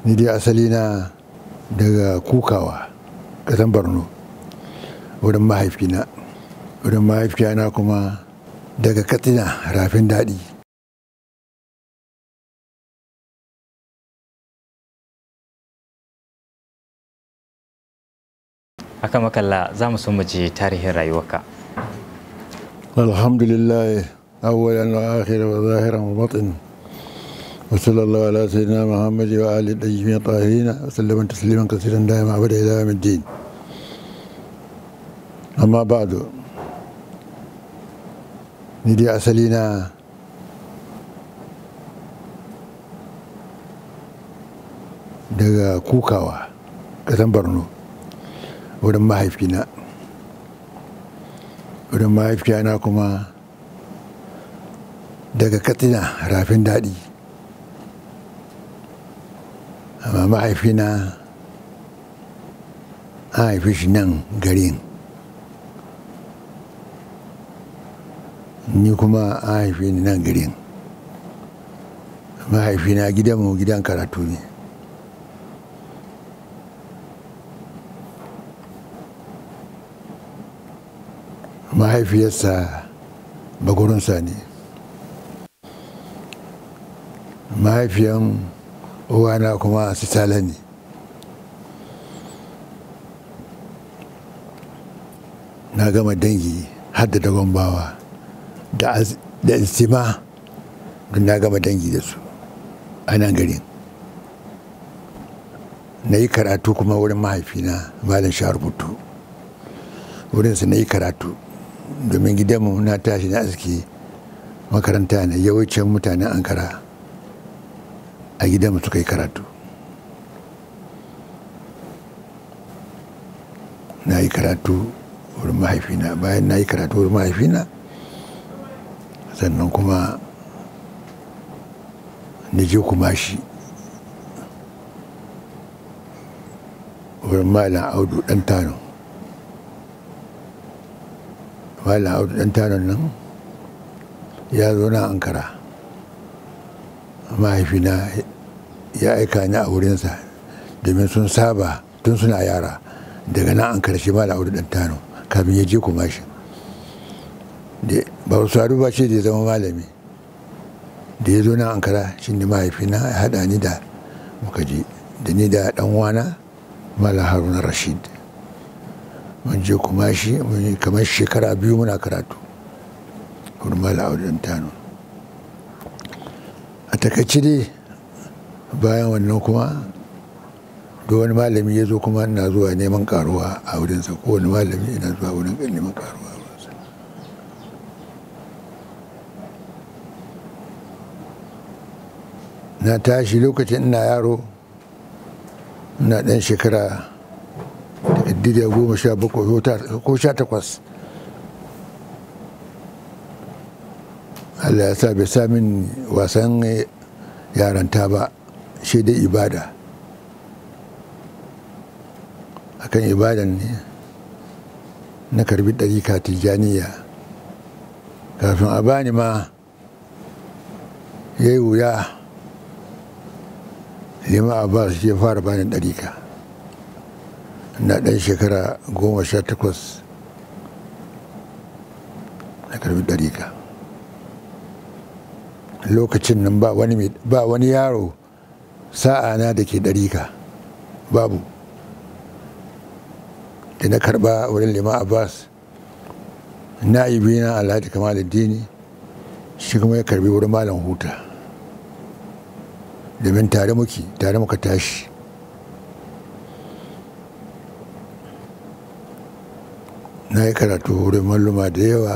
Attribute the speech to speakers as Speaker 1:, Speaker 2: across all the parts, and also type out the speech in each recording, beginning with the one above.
Speaker 1: ni dai asali na daga kukawa ƙasan borno wurin mahaifina wurin mahaifiyana kuma daga katsina
Speaker 2: rafin daɗi aka makalla za mu so ji tarihin rayuwarka alhamdulillah awwalan
Speaker 1: wa akhiran wa zahiran wa batin وصلى الله على سيدنا محمد وآل الطيبين الطاهرين وسلم تسليما كثيرا دائما أبدا إلى يوم الدين amma ba'du ni asali na daga kukawa ƙasan borno wurin mahaifina wurin mahaifiyana kuma daga katsina rafin daɗi mahaifina an haifi shi nan garin ni kuma an haifi ni nan garin mahaifina gidanmu gidan karatu ne mahaifiyarsa bagurinsa ne mahaifiyan uwana kuma su ne na gama dangi har da dagon da istima don na gama dangi da su a nan garin na yi karatu kuma wurin mahaifina malam shaharbutu wurinsa na yi karatu domin gidanmu na tashi na aski makaranta na yawancin mutanen ankara a gida mu suka yi karatu na yi karatu wurin mahaifina bayan na yi karatu wurin mahaifina sannan kuma ni je kuma shi wurin malam audu dan tano malam audu dan tano nan ya zo na ankara mahaifina ya aika ni a wurinsa domin sun saba tun suna yara daga nan an karshe ma da auri dan tano kafin ya je kuma shi ba su haɗu ba shi da ya zama malami da ya zo nan ankara shi ne mahaifina ya haɗa ni da muka je da ni da ɗan wana mala haruna rashid mun je kuma shi kamar shekara biyu muna karatu kuma mala auri dan tano a takaice dai bayan wannan kuma da wani malami ya zo kuma ina zuwa neman karuwa a wurinsa ko wani malami ina zuwa wurin neman karuwa na tashi lokacin ina yaro ina ɗan shekara daga goma sha bakwai ko sha takwas allah ya sa bai sa min wasan eh, yaranta ba shi dai ibada akan ibadan ne na karbi ɗarika tijjaniya kafin a bani ma ya yi wuya lima a ba ya fara bani ɗarika na ɗan shekara goma sha takwas na karbi ɗarika lokacin nan ba wani ba wani yaro na da ke ka babu da na karba wurin lima abbas na'ibi na alhaji kamaluddini shi kuma ya karbi wurin malam huta domin tare muke tare muka tashi na yi karatu wurin malluma da yawa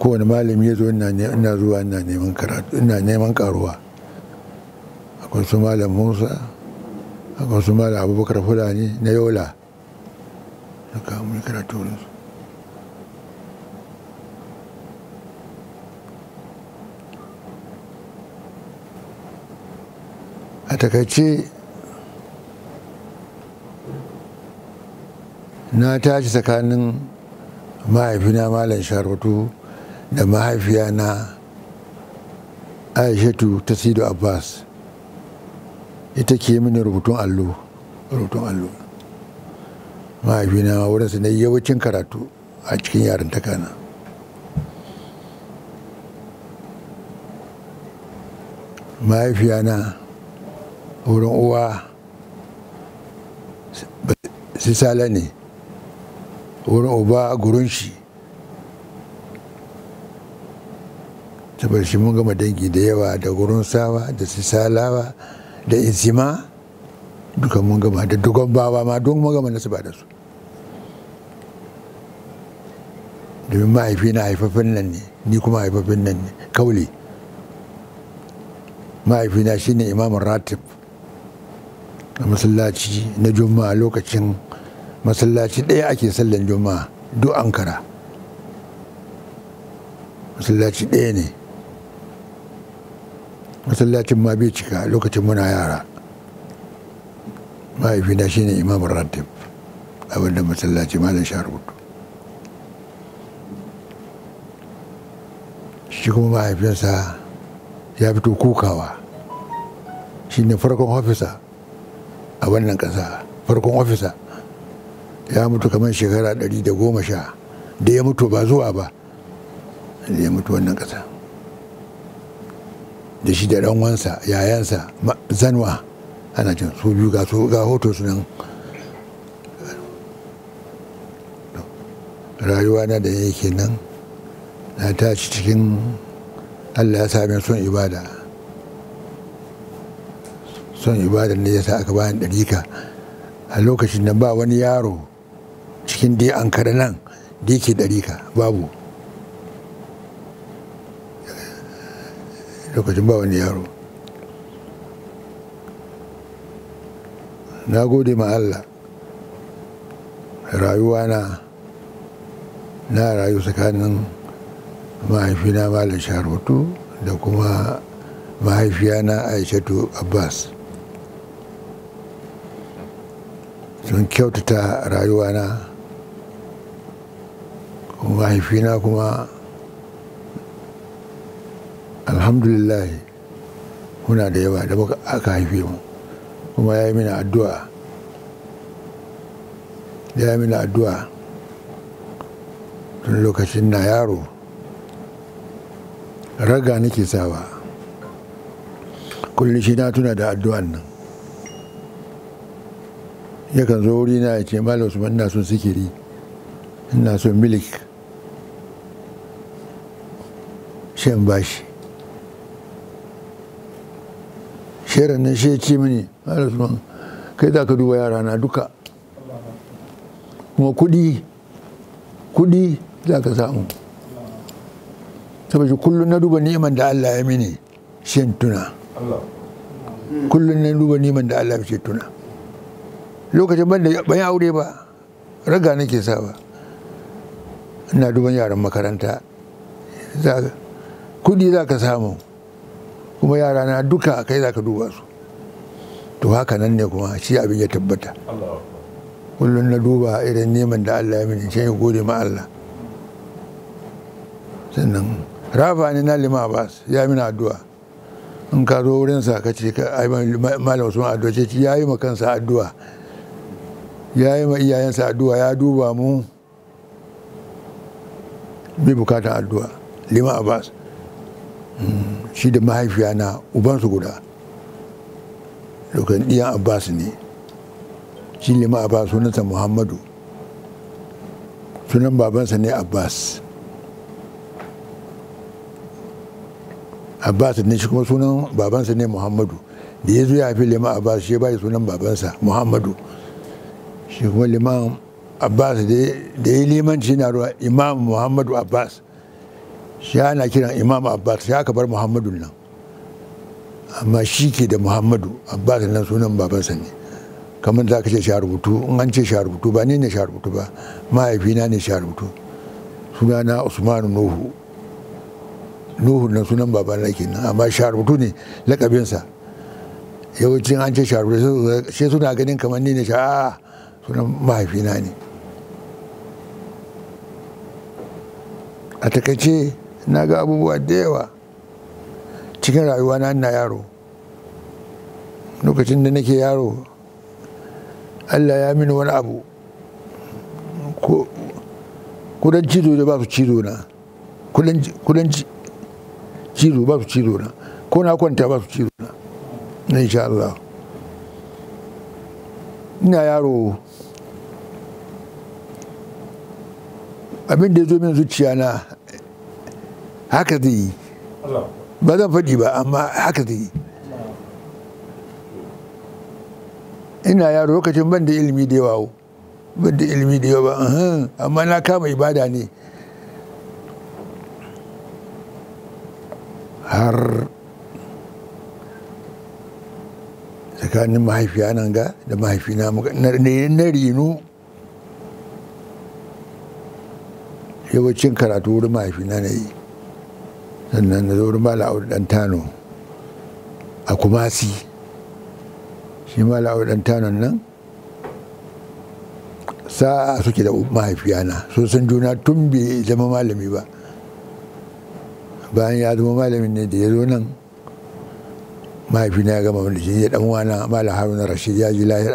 Speaker 1: kowane malami ya zo ina zuwa ina neman karatu ina neman karuwa akwai su malam musa akwai su malam abubakar fulani na yola da kamun karatu wurinsu a takaice na tashi tsakanin mahaifina malam sharatu da mahaifiyana na aishatu ta sido abbas ita ke mini rubutun allo rubutun allo mahaifina wurinsa na yawancin karatu a cikin yaren takana mahaifiya na wurin uwa sisala ne wurin uba gurin shi saboda shi mun gama dangi da yawa da gurin sawa da sisalawa da izima duka mun gama da dugon bawa ma don mun gama nasu ba da su domin mahaifi na haifafin nan ne ni kuma haifafin nan ne kauli mahaifina shine imamun Ratif. a masallaci na juma'a lokacin masallaci ɗaya ake sallan juma'a duk ankara masallaci ɗaya ne masallacin ma bai cika lokacin muna yara mahaifina shine imamun ratib abinda masallaci malam sharutu shi kuma mahaifinsa ya fito kukawa shine farkon ofisa a wannan ƙasa farkon ofisa ya mutu kamar shekara 110 da ya mutu ba zuwa ba da ya mutu wannan ƙasa da shi da ɗanwansa wansa yayansa zanwa ana jin su biyu ga ga hoto su nan rayuwa na da yake nan na tashi cikin allah ya sami son ibada son ibada ne ya sa aka bayan ɗarika a lokacin da ba wani yaro cikin dai an nan da yake ɗarika babu lokacin ba wani yaro na gode ma Allah rayuwana na rayu tsakanin mahaifina malam sharutu da kuma mahaifiyana aishatu abbas sun kyautata rayuwana mahaifina kuma alhamdulillah muna da yawa da aka haife mu kuma ya yi mini addu'a ya yi mini addu'a tun lokacin na yaro raga nake sawa kullum shi na tuna da addu'an nan yakan zo wuri na ya ce malam usman ina son sikiri ina son milik shan bashi shairan nan shi ya ce mini kai za ka duba yara na duka kuma kudi kudi za ka samu saboda kullum na duba neman da Allah ya mini shi tuna kullum na duba neman da Allah ya shi tuna lokacin ban da ban aure ba raga nake ba ina duban yaran makaranta kudi za ka samu kuma yara na duka kai za ka duba su to haka nan ne kuma shi abin ya tabbata kullum na duba irin neman da Allah ya mini can ya gode ma Allah sannan rafa ne na lima abbas ya mina addu'a in ka zo wurin sa ka ce ka ai malam usman addu'a ce ya yi ma kansa addu'a ya yi ma iyayensa addu'a ya duba mu bi bukatan addu'a lima abbas hmm. shi da mahaifiya na ubansu guda lokacin ɗiyan abbas ne shi lima abbas sunansa muhammadu sunan babansa ne abbas abbas ne shi kuma sunan babansa ne muhammadu da ya zo ya fi liman abbas shi ya bai sunan babansa muhammadu shi kuma liman abbas da ya limanci na ruwa imam muhammadu abbas shi ana kiran imam abbas ya kabar muhammadu nan amma shi ke da muhammadu abbas nan sunan babansa ne kamar za ka ce sha rubutu in an ce sha rubutu ba ne ne sha rubutu ba mahaifina ne sha rubutu sunana usmanu nuhu nuhu nan sunan ke kenan amma sha rubutu ne lakabinsa yawancin an ce sha rubutu sai suna ganin kamar ni ne sha sunan mahaifina ne a takaice na ga abubuwa da yawa cikin rayuwa na ina yaro lokacin da nake yaro allah ya mini wani abu kudan cizo da ba su cizo na kudan cizo ba su cizo na ko na kwanta ba su cizo na na insha Allah ina yaro abin da ya zo min zuciya na haka zai yi ba zan faɗi ba amma haka zai yi ina yaro lokacin ban da ilimi da yawa ban da ilimi da yawa uh-huh, amma na kama ibada ne har tsakanin mahaifiya nan ga da mahaifina na rinu yawancin karatu wurin mahaifina na yi sannan na zaurin ma audu dan tano a kumasi shi mala audu dan tanon nan sa'a suke da mahaifiyana so san juna tun bai zama malami ba bayan ya zama malamin ne da ya zo nan mahaifi na ya gama shi ya dan wana mala haruna rashid ya ji lahir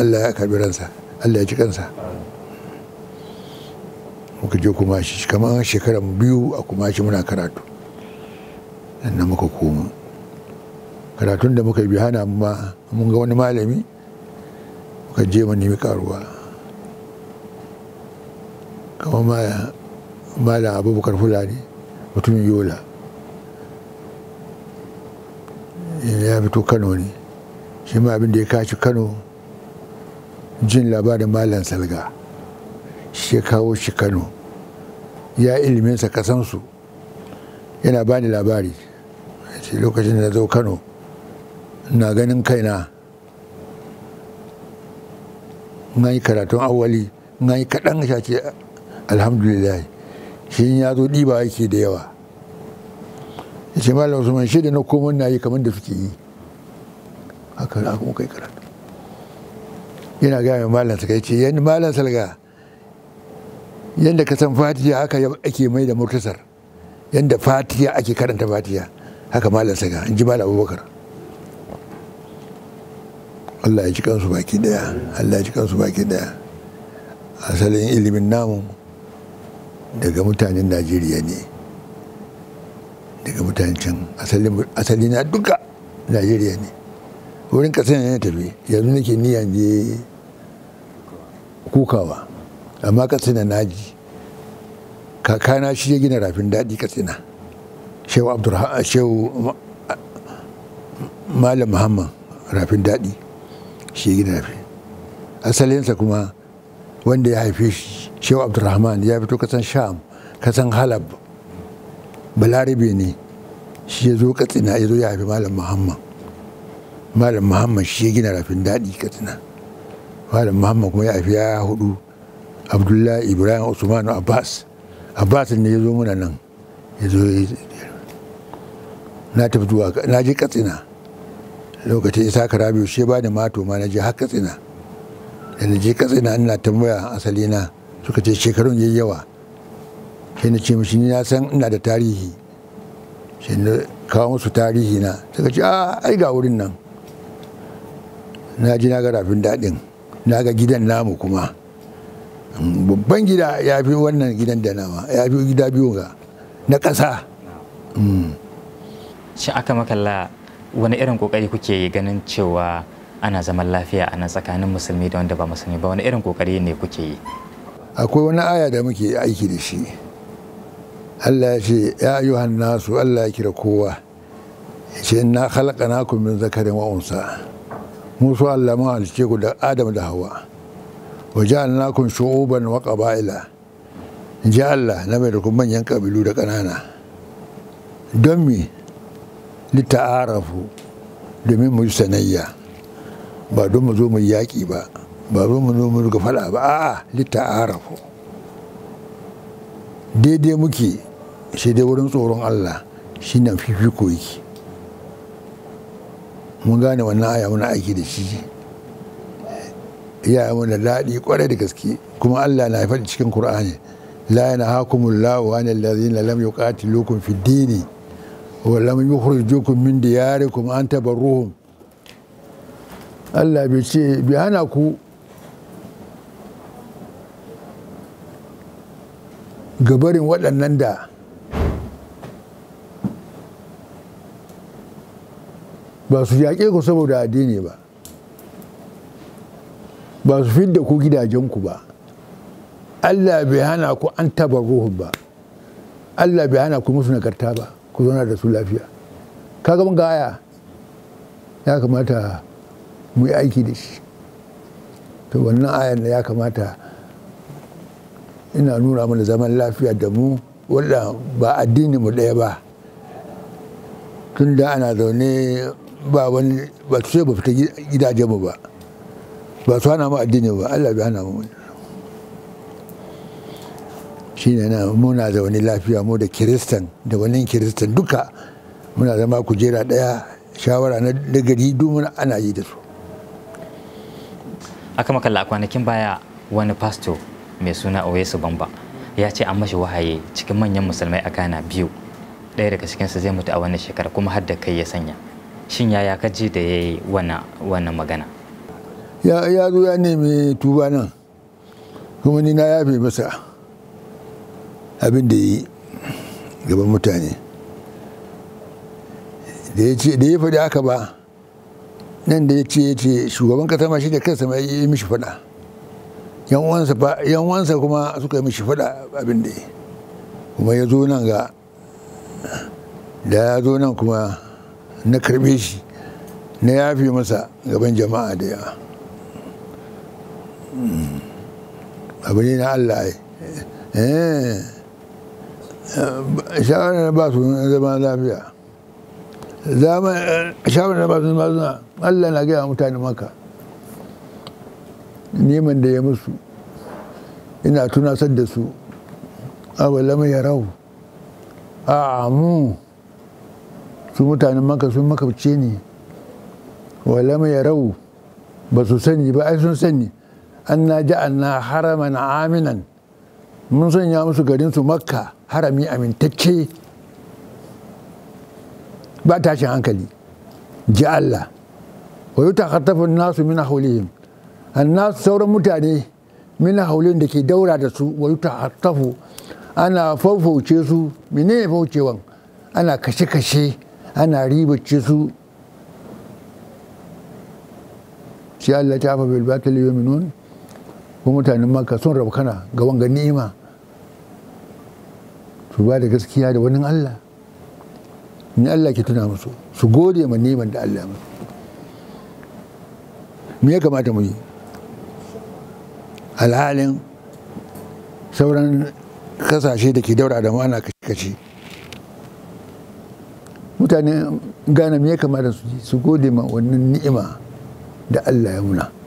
Speaker 1: allah ya karbi ransa allah ya ci kansa muka je kumashi kamar shekaran biyu a kumashi muna karatu nan muka koma karatun da muka yi hana ma mun ga wani malami muka je mu nemi karuwa kamar malam abubakar fulani mutumin yola ya fito kano ne shi ma abin da ya kashi kano jin labarin malam salga shi kawo shi kano ya iliminsa kasansu yana ba ni labari shi lokacin da na zo kano na ganin kaina na yi karatun awali na yi kaɗan shace alhamdulillah shi ya zo ɗiba yake da yawa ya ce malam usman shi da na komon na yi kamar da suke yi haka kuma kai karatu yana gaya mai malam sa ya ce yan malam salga yadda ka san fatiya haka ake mai da murtasar yadda fatiya ake karanta fatiya haka malam saga in ji malam abubakar allah ya ji kansu baki daya allah ya ji kansu baki daya asalin ilimin namu daga mutanen najeriya ne daga mutanen can asali na duka najeriya ne wurin kasan yana tafi yanzu nake niyan je kukawa amma katsina naji kakana shi ya gina rafin daɗi katsina shehu abdurrahman shehu malam muhammad rafin daɗi shi ya gina rafin asalinsa kuma wanda ya haife shi shehu abdurrahman ya fito kasan sham kasan halab balarabe ne shi ya zo katsina ya zo ya haifi malam muhammad malam muhammad shi ya gina rafin daɗi katsina malam muhammad kuma ya haifi ya hudu abdullahi ibrahim usman abbas abbas ne ya zo muna nan ya zo na tafi zuwa na je katsina lokacin isa karabiyu shi ba da mato ma na je har katsina da na je katsina ina tambaya asali na suka ce shekarun yayi yawa sai na ce mishi ni na san ina da tarihi sai na kawo musu tarihi na suka ce ah ai ga wurin nan na ji na ga rafin daɗin na ga gidan namu kuma babban gida ya fi wannan gidan da nama ya fi gida biyu ga na ƙasa
Speaker 2: hmm. shi aka makalla wani irin kokari kuke ganin cewa ana zaman lafiya a nan tsakanin musulmi da wanda ba musulmi ba wani irin kokari ne kuke yi akwai
Speaker 1: wani aya da muke aiki da shi Allah ya ce ya ayyuhan nasu Allah ya kira kowa ya ce na khalaqnakum min zakarin wa'unsa musu Allah mu ku da Adam da hawa wa ja'alnakum shu'uban wa qaba'ila in ji Allah na mai da kuma manyan kabilu da ƙanana don mi lita'arafu domin mu yi sanayya ba don mu zo mu yaƙi ba ba don mu zo mu faɗa ba a'a lita'arafu daidai muke shi dai wurin tsoron Allah shi nan fifiko yake mun gane wannan aya muna aiki da shi ya yi da daɗi kwarai da gaske kuma Allah na faɗi cikin Kur'ani la yana hakumul lahu an allazina lam yuqatilukum fid dini wa lam yukhrijukum min diyarikum an tabarruhum Allah bai ce bi hana ku gabarin waɗannan da ba su yaƙe ku saboda addini ba ba su fi fidda ku gidajenku ba Allah bai hana ku an taba ruhun ba Allah bai hana ku musu nagarta ba ku zauna da su lafiya Ka mun gaya ya kamata mu yi aiki da shi to wannan ayan da ya kamata ina nuna mana zaman lafiya da mu wadda ba addini mu ɗaya ba Tunda ana zaune ba wani ba sai ba fita gidajenmu ba ba su hana mu addini ba Allah bai hana mu ne na muna wani lafiya mu da kiristan da wani kiristan duka muna zama kujera daya shawara na dagari domin ana yi da su
Speaker 2: aka makalla kwanakin baya wani pasto mai suna oyesu bamba ya ce an mashi wahaye cikin manyan musulmai a ghana biyu daya daga cikinsu zai mutu a wannan shekara kuma har da kai ya sanya shin yaya ka ji da ya yi wannan magana
Speaker 1: ya zo ya nemi tuba nan kuma ni na yafe masa abin da yi gaban mutane da ya ce da ya faɗi haka ba nan da ya ce ya ce shugaban kasa ma shi da kansa ma yi mishi faɗa yan wansa kuma suka yi mishi faɗa abin da yi kuma ya zo nan ga da ya zo nan kuma na karbe shi na yafe masa gaban jama'a da yawa abu ne na Allah ai eh. eh, shawarar na ba su zama lafiya eh, shawarar na ba su zama zuna Allah na gaya mutane maka neman da ya musu ina tunasar da su abu lama ya rau a amu su mutanen maka sun makabce ne wa lama ya rau ba su sani ba ai sun sani anna ja'alna haraman aminan mun sanya musu garin su makka harami amintacce ba tashin hankali ji Allah wa yuta khattafun nasu min haulihim annas sauran mutane min hawlin da ke daura da su wa yuta khatafu ana faufauce su mine faucewan ana kashe-kashe ana ribace su sai Allah ta fa bil batil yu'minun ko mutanen maka sun rabu kana ga wanga ni'ima su ba da gaskiya da wani Allah ni Allah ke tuna musu su gode ma ni'iman da Allah musu me ya kamata mu yi alhalin sauran kasashe da ke daura da mu ana kashe mutane gane me ya kamata su gode ma wannan ni'ima da Allah ya muna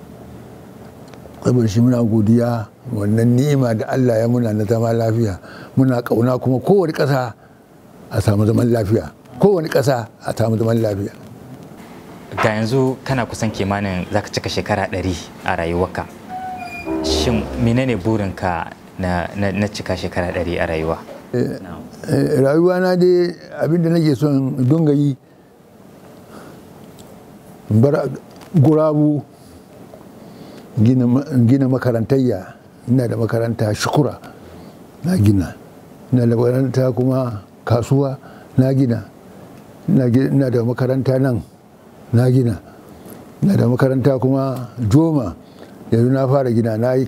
Speaker 1: saboda shi muna godiya wannan ni'ima da Allah ya muna na zama lafiya muna kauna kuma kowane ƙasa a samu zaman lafiya kowane ƙasa a samu zaman lafiya
Speaker 2: ga yanzu kana kusan kimanin za ka cika shekara ɗari a rayuwarka shin menene burinka na cika shekara ɗari a rayuwa
Speaker 1: eh, eh, rayuwa na dai abinda nake son dunga yi bar gurabu gina makarantayya ina da makaranta shukura na gina ina da makaranta kuma kasuwa na gina ina da makaranta nan na gina ina da makaranta kuma joma yanzu na fara gina na yi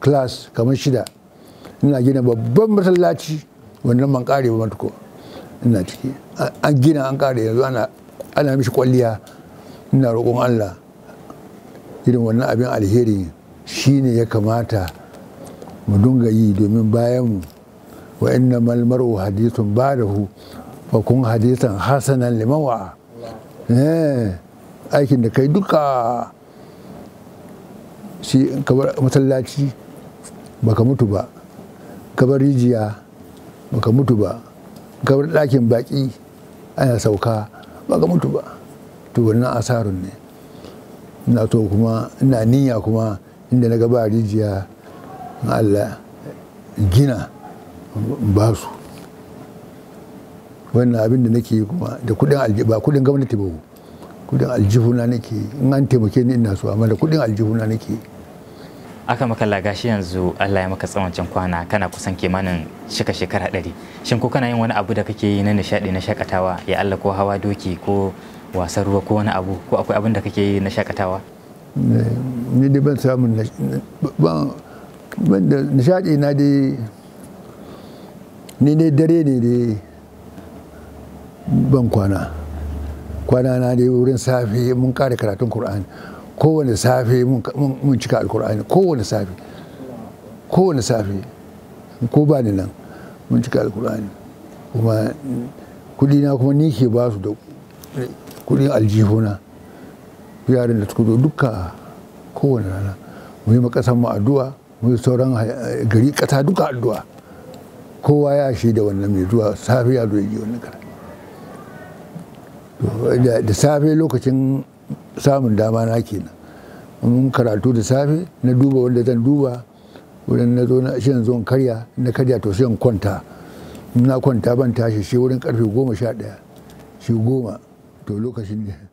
Speaker 1: class kamar shida ina gina babban masallaci wannan man kare ba ko ina ciki an gina an kare yanzu ana mishi kwalliya ina roƙon allah irin wannan abin alheri shi ne ya kamata mu dunga yi domin bayanmu wa inna malmaru hadithun ba da hu fa kun hadithan hasanan limawa eh, aikin da kai duka shi kabar masallaci baka mutu ba kabar rijiya baka mutu ba kabar ɗakin baƙi ana sauka baka mutu ba to wannan asarun ne ina to kuma ina niyya kuma inda na gaba rijiya Allah gina ba su wannan abin da nake kuma da kudin aljiba kudin gwamnati ba kudin aljihuna nake in an taimake ni ina so amma da kudin aljihuna nake
Speaker 2: aka makalla gashi yanzu Allah ya maka tsawancin kwana kana kusan kimanin shika shekara ɗari shin ko kana yin wani abu da kake yi na nishaɗi na shakatawa ya Allah ko hawa doki ko wasan ruwa ko wani abu ko akwai abin da kake yi na shakatawa
Speaker 1: ni dai ban samun ban da nishaɗi na dai ni ne dare ne dai ban kwana kwana na dai wurin safe mun kare karatun Kur'ani kowane safe mun cika alkur'ani kowane safe kowane safe ko ba ni nan mun cika alkur'ani kuma kudi na kuma ni ke ba su da kudin aljihuna yaran da suka zo duka kowane rana mu yi makasan mu addu'a mu yi sauran gari kasa duka addu'a kowa ya shi da wannan mai zuwa safe ya zo ya wani kara karatu da safe lokacin samun dama na kenan mun karatu da safe na duba wanda zan duba wurin na zo na shi yanzu karya na karya to sai in kwanta na kwanta ban tashi shi wurin karfe goma sha ɗaya shi goma to lokacin